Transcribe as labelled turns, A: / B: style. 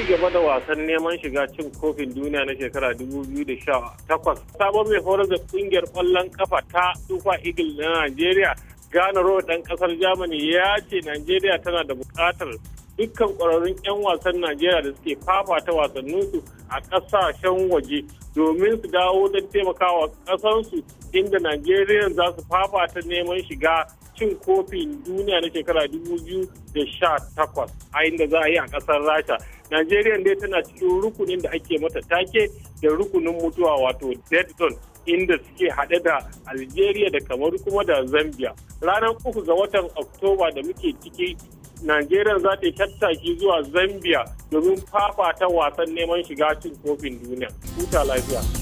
A: ci gaba da wasan neman shiga cin kofin duniya na shekara 2018 sabon mai horar da kungiyar kwallon kafa ta Super Eagle na Najeriya Ghana road ɗan ƙasar Germany ya ce Najeriya tana da buƙatar dukkan ƙwararrun 'yan wasan Najeriya da suke fafata wasanninsu a ƙasashen waje domin su dawo don taimakawa ƙasansu inda Najeriya za su fafata neman shiga cin kofin duniya na shekara 2018 a inda za a yi a ƙasar Rasha. Najeriya dai tana cikin rukunin da ake mata take da rukunin mutuwa wato dead zone inda suke haɗe da algeria da kamar kuma da zambia ranar uku ga watan oktoba da muke ciki Najeriya za ta yi tattaki zuwa Zambia domin fafata wasan neman shiga cin kofin duniya. Huta lafiya.